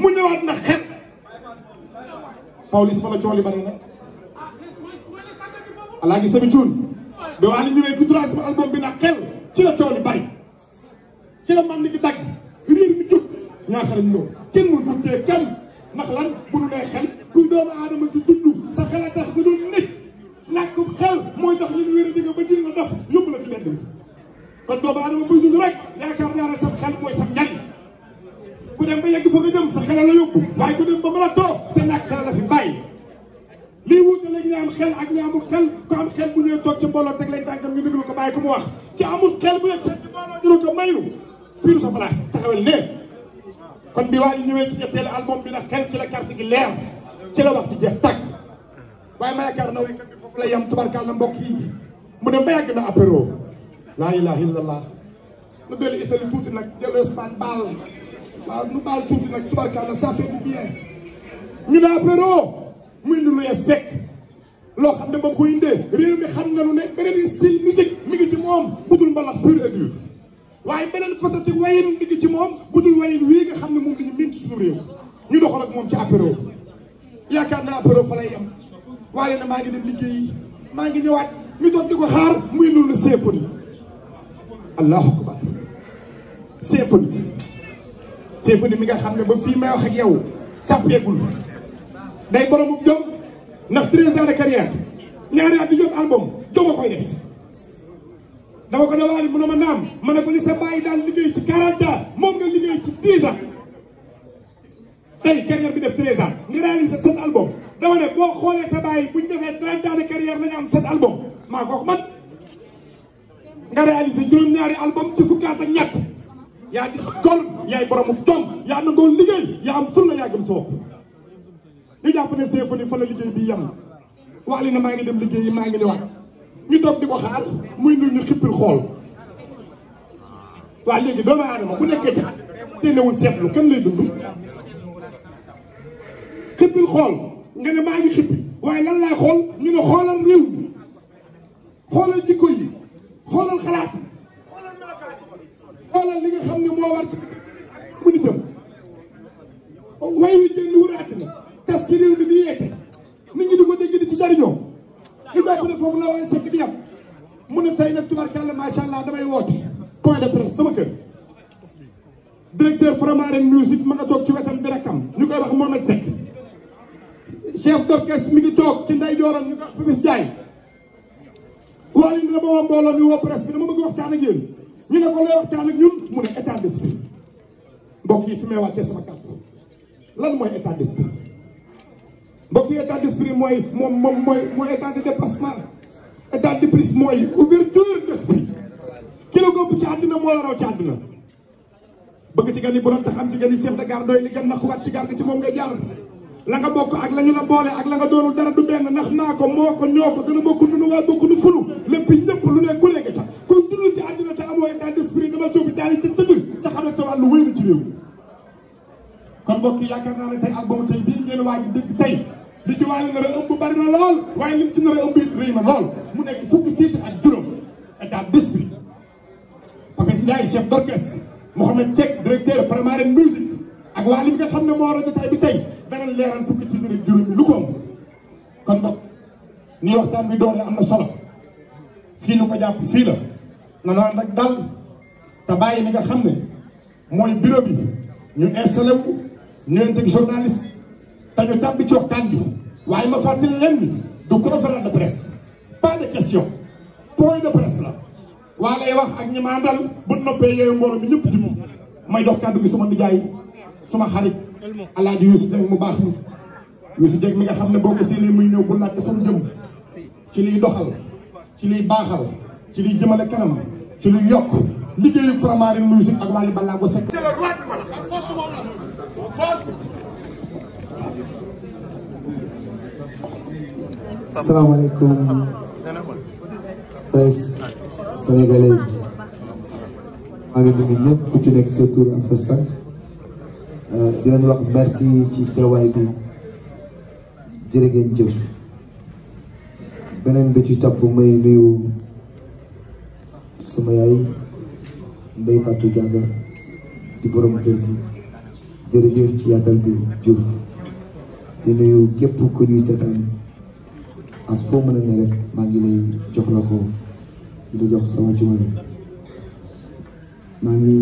mu ñëwaat na xet Pawlish fa la cooli bari na alaa gi sami cuun bi wax ci bi ndax lan bu nu nee xel kuy doomu aadama di a mooy tax ñu wér di nga ba rek yaakaar naa ne sa xel mooy sax yëpp waaye ku dem ba mën a toog sa ñàkk xel la fi bàyyi lii wuute léegi ñu am xel ak ñu amul xel ku am xel bu ñëwee toog ci mbooloo teg lañ tànkam ñu déglu ko bàyyi ko mu wax ki amul xel bu yëg seen ci mbooloo duru ko mayu fii sa place taxawal ne kon bi waa ñu ñëwee ci ñetteelu album bi ndax xel ci la carte gi leer ci la wax ci jeex tàkk waaye ma yaakaar na wéykat bi foofu na apéro laa ilaha illallah ma dellu itali tuuti nag dellu Espagne baal waaw nu baal tuuti nag tubaarkàlla ça fait du bien ñu naa Péro mu indi lu yees bekk loo xam ne ba mu ko réew mi xam na lu ne beneen style musique mi ngi ci moom budul mbalax pur et dur waaye beneen facette wayin mi ngi ci moom budul wayin wii nga xam ne moom la ñu miin suñu réew ñu doxal ak moom ci apéro yaakaar naa apéro fa lay yem waaye na maa ngi dem liggéeyi maa ngi ñëwaat ñu doon di ko xaar muy loolu symphonie allahu akbar symphonie Séfodi mi nga xam ne ba fii may wax ak yow sàppeegul day boroomu jom ndax treize ans de carrière ñaari at di jot album jom a koy def dama ko dawaali mu ne ma naam ma ne ko li sa bàyyi daal liggéey ci 40 moom nga liggéey ci 10 ans tey carrière bi def 13 ans nga réalisé sept album dama ne boo xoolee sa bàyyi bu ñu defee 30 ans de carrière nañu am sept album maa ko wax man nga réalisé juróom-ñaari album ci fukkaat ak ñett yaa di góor yaay boromu jom yaa ko liggéey yaa am ful la yaa gëm sa bopp ñu jàpp ne Symphony fa la liggéey bi yem wax li na maa ngi dem liggéey yi maa ngi ñëwaat ñu toog di ko xaar muy nu ñu xippil xool waa léegi doomu aadama bu nekkee ca seenewul seetlu kan lay dund xippil xool nga ne maa ngi xippi waaye lan laay xool ñu ne xoolal réew mi xoolal jikko yi xoolal xalaat xoolal li nga xam ne moo war ci mu ni jëm way wi jënd wër àddina tas ci réew mi di yeete nit ñi di ko dégg di ci jariñoo ñu jàpp ne foofu la waaye sekk di am mu ne tey nag toog ci wetam bi rakkam ñu koy wax Mohamed Seck chef d'orchestre mi ngi toog ci nday jooram ñu koy wax Papis Ndiaye waaye dama woo mbooloo mi woo presse bi dama bëgg waxtaan ak ñu ne ko lay waxtaan ak ñun mu ne état d'esprit mbokk yi fi may wàccee sama kàddu lan mooy état d'esprit mbokk yi état d'esprit mooy moom moom mooy mooy état de dépassement état de prise mooy ouverture d'esprit ki la góob ci àddina moo la raw ci àddina bëgg ci gan na xubaat ci gar ga ci moom ngay jaar la nga bokk ak la ñu la boole ak la nga doonul dara du benn ndax naa ko moo ko ñoo ko dana bokk nu nu waaye bokk nu fulu lépp ñëpp lu ne ku mooy état d'esprit dama coobi daal yi ca tëdd ca xam ne sa wàllu wéy na ci réew mi kon mbokk yaakaar naa ne tey album tey bii ngeen waaj dégg tey li ci waale nar a ëmb bari na lool waaye lim ci nar a ëmb it rëy na lool mu nekk fukki titre ak juróom état d'esprit Papis Ndiaye chef d'orchestre Mouhamed Seck directeur Faramareen musique ak waa li nga xam ne moo war a jotaay bi tey dana leeral fukki titre ak juróom yi lu ko ëmb kon mbokk nii waxtaan bi doole am na solo fii nu ko jàpp fii la na naan rek dal te bàyyi li nga xam ne mooy bureau bi ñu installé wu ñëwante bi journaliste te ñu tàbbi ci bi waaye ma fàttali leen ni du conférence de presse pas de question point de presse la waa lay wax ak ñi ma àndal bu noppee yooyu mbooloo mi ñëpp jub may dox kàddu gi suma nijaay suma xarit alaaji Youssou Dieng mu baax mi Youssou Dieng mi nga xam ne boo ko séenee muy ñëw bu laajte fu mu ci liy doxal ci liy baaxal ci liy jëmale kanam ci lu yokk liggéeyu Faramareen luy si ak Wally Ballago Seck. salaamaaleykum presse sénégalaise maa ngi nuyu ñëpp ku ci nekk sa tur ak sa sant euh, di leen wax merci ci teewaay bi jërë ngeen jëf beneen bi ci topp may nuyu. sama yaay Ndey Fatou Diagne di borom kër gi jërëjëf ci yaatal bi Diouf di nuyu képp ku ñuy seetaan ak foo mën ne rek maa ngi lay jox la ko di jox sama jumaale maa ngi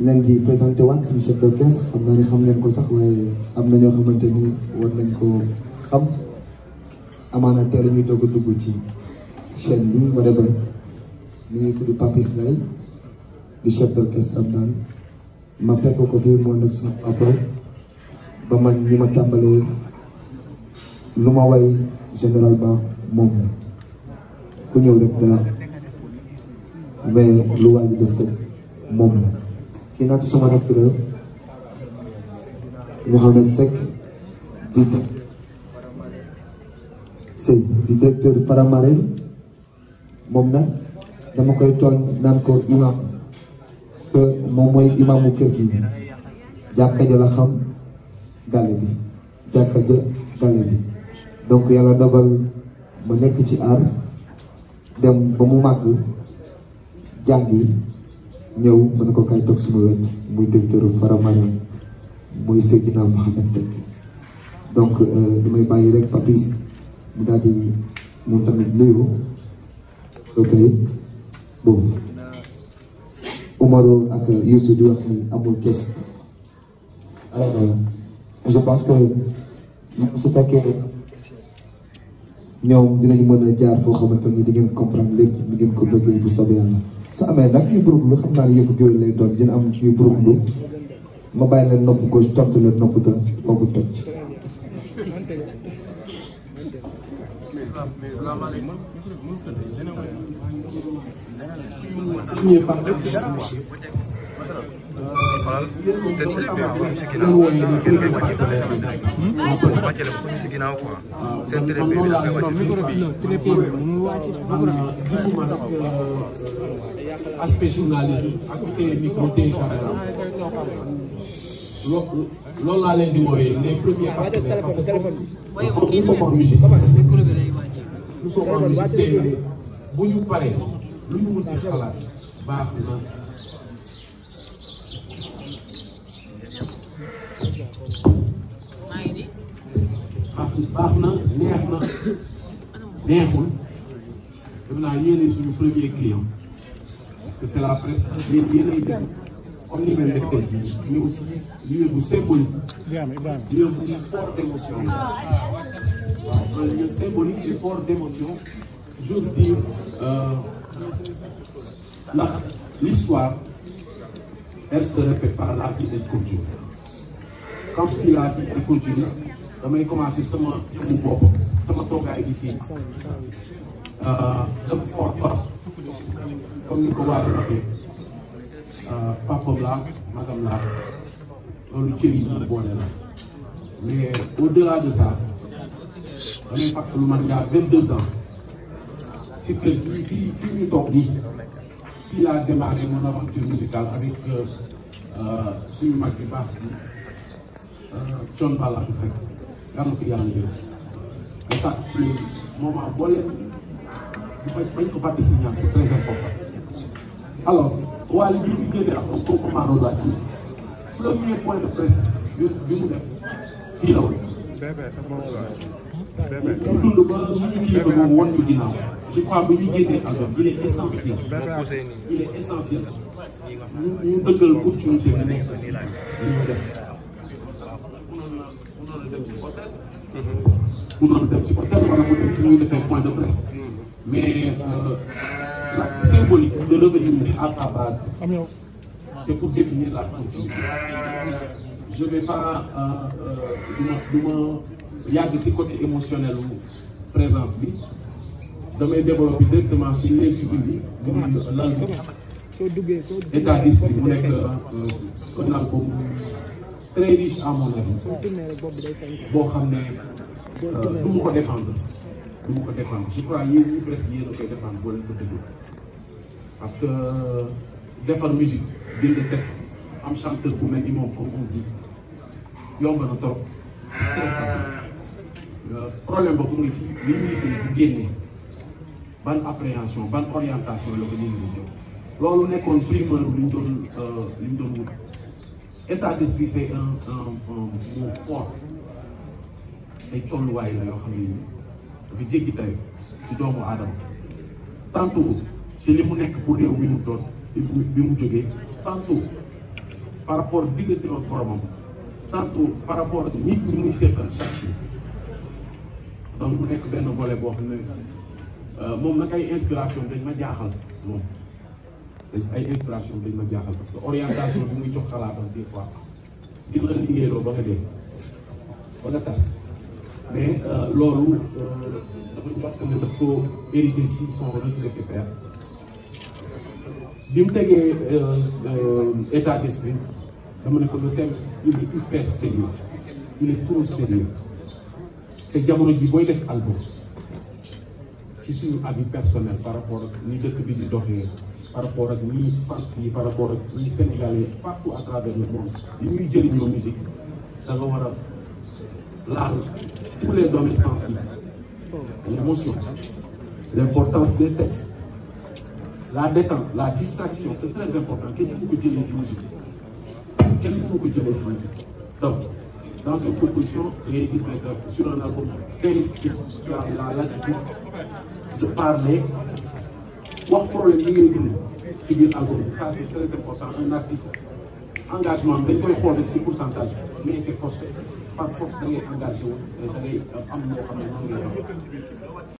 leen di présenté waat suñu chef d'orchestre xam naa ne ko sax waaye am na ñoo xamante ni war nañ ko xam amaana teel a ñu doog a dugg ci chaîne bi mi ngi tudd Papis Lay di chef d'orchestre Santane ma fekk ko fii moo nekk sama papa ba man ñi ma tàmbalee lu ma way généralement moom la ku ñëw rek dara mais lu waay di def sax moom la kii nag sama la Mouhamed Seck di Sey di directeur Paramaré dama koy tooñ naan ko imam que moom mooy imamu kër gi jàkka ja la xam gale bi jàkka ja gale bi donc yàlla dogal ma nekk ci aar dem ba mu màgg jàngi ñëw mu ne ko kay toog suma wet muy directeur Faramare muy Seydina Mohamed Seck donc euh, damay bàyyi rek papis mu daal moom tamit nuyu ok boobu Omaro ak Youssou di wax ni amul kese alors euh, je pense que su fekkee ñoom dinañ mën a jaar foo xamante ni di ngeen comprendre lépp di ngeen ko bëggee su amee nag ñu burug lu xam naa ne yëfu géwél lay doon dina am ñu burug lu ma bàyyi leen nopp gauche tontu leen nopp da foofu toj signé par le aspect journalisme ak téye micro téye caméra loolu laa leen di wooyee les premiers partenaires parce que nous sommes en musique nous sommes te bu ñu paree lu ñu mën a xalaat baax na baax na neex na neexul dem naa yéene suñu premier client parce que c'est la presse mais yéen ay def comme ni ngeen def tey jii mais aussi lieu bu symbolique lieu bu fort d'émotion waaw un lieu symbolique et fort d'émotion j'ose dire euh, ndax l'histoire elle se par la fille et coutume quand je la fille et coutume damay commencer sama jëmmu bi fii euh, dafa fort fort comme ni ko waaj waxee euh, loolu cër yi boole la mais au delà de ça damay fàttali man il y a 22 ans si kër gii fii fii ñu toog nii. il a démarré mon aventure musicale avec euh, euh, suñu mag bi baax bi John euh, Balla bi Seck yàlla na ko yàlla njëriñ nga sax si moment boo leen bañ ko fàtte si ñaan c'est très important alors waaye li ñu ngi génne ak comme comme Maodo laa ci premier point de presse bi bi mu def fii la woon. bébé sa bopp la. bébé ñu dund ba suñu kilifa boobu woon ñu ginnaaw. je crois bu ñu génnee il est essentiel il est essentiel ñu ñu dëggal opportunité bi nekk si li ñu def. dem si hôtel wala mu dem fi muy defee point de presse mm-hmm. mais euh, l'acte symbolique de revenir à sa base c'est pour définir la continuité je vais pas euh, euh, du ma du ma yàgg si côté émotionnel présence bi. damay développer directement sur les figures yi muy lan état d'esprit mu nekk un euh, album très riche à mon avis boo xam ne euh, du ma ko défendre du ma ko défendre je crois yéen ñi presque yéen a koy défendre boo leen ko déglu parce que euh, defar musique bind texte am chanteur bu mel ni moom comme on dit yomb na trop c'est très facile problème boobu mooy si li ñu liggéey bu génnee ban appréhension ban orientation la ko nit ñi jot loolu nekkoon primeur li ñu doon euh, li ñu doon wut état d'esprit c'est un un mot fort ay tolluwaay la yoo xam ne nii dafa jéggi ci doomu aadama tantôt ci li mu nekk pour réew bi mu doon bi mu jógee tantôt par rapport diggante ak boromam tantôt par rapport nit ñi muy seqal chaque jour donc mu nekk benn boole boo xam ne Euh, moom nag ay inspiration dañ ma jaaxal moom ay inspiration dañ ma jaaxal parce que orientation bi muy jox xalaatam des fois ba nga dee ba nga tas mais euh, loolu euh, dafa parce que ne daf ko hérité si son retraité père bi mu tegee état d'esprit dama ne ko le thème il est hyper sérieux il est trop sérieux te jamono ji booy def album ci suñu avis personnel par rapport ak ni dëkk bi di doxee par rapport ak ñi fans yi par rapport ak ñi sénégalais partout à travers le monde li ñuy jëriñoo musique da nga war a laal tous les domaines sensibles l'émotion l'importance des textes la détente la distraction c'est très important kenn mënu ko jëlee si musique kenn mënu ko jëlee si musique donc dans une proposition léegi gis nañ que sur un album la latitude parler wax problème yi ngeen bind ci biir album ça c'est très important un artiste engagement dañ koy xool rek si pourcentage mais c'est forcé par force da ngay engagé am loo xam ne